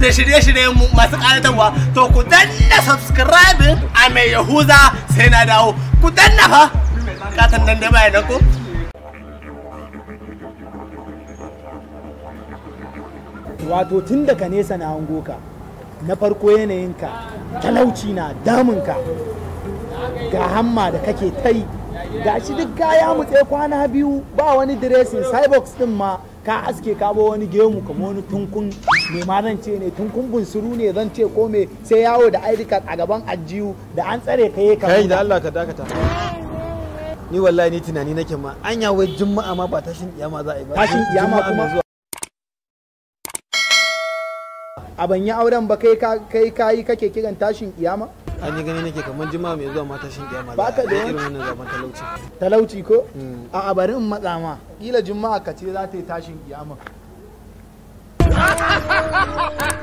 da shirye-shiryen masu ƙaratarwa to ku danna subscribe a mai yahuza sai na dawo ku danna fa katon nan da bayan ku wato tun ka nesa na hango ka na farko yanayin ka talauci na damunka ga hamma da kake ta yi ga shi duk kaya mutse kwana biyu ba wani diresin cyborgs din ma ka aske ka wani gemu kamar wani tunkun mai ma zan ce ne tunkun bunsuru ne zan ce ko me sai yawo da ID card a gaban ajiyu da an tsare ka yi ka kai da Allah ka dakata ni wallahi ni tunani nake ma an yawo juma'a ma ba tashin iyama za a yi ba tashin iyama kuma a ban yi auren ba kai kai kai kake kiran tashin iyama. an yi gani nake kamar jima mai zuwa mata shin kiyama ba ka da irin wannan zaman talauci talauci ko hmm. a bari in matsa ma kila juma'a ka ce za ta yi tashin kiyama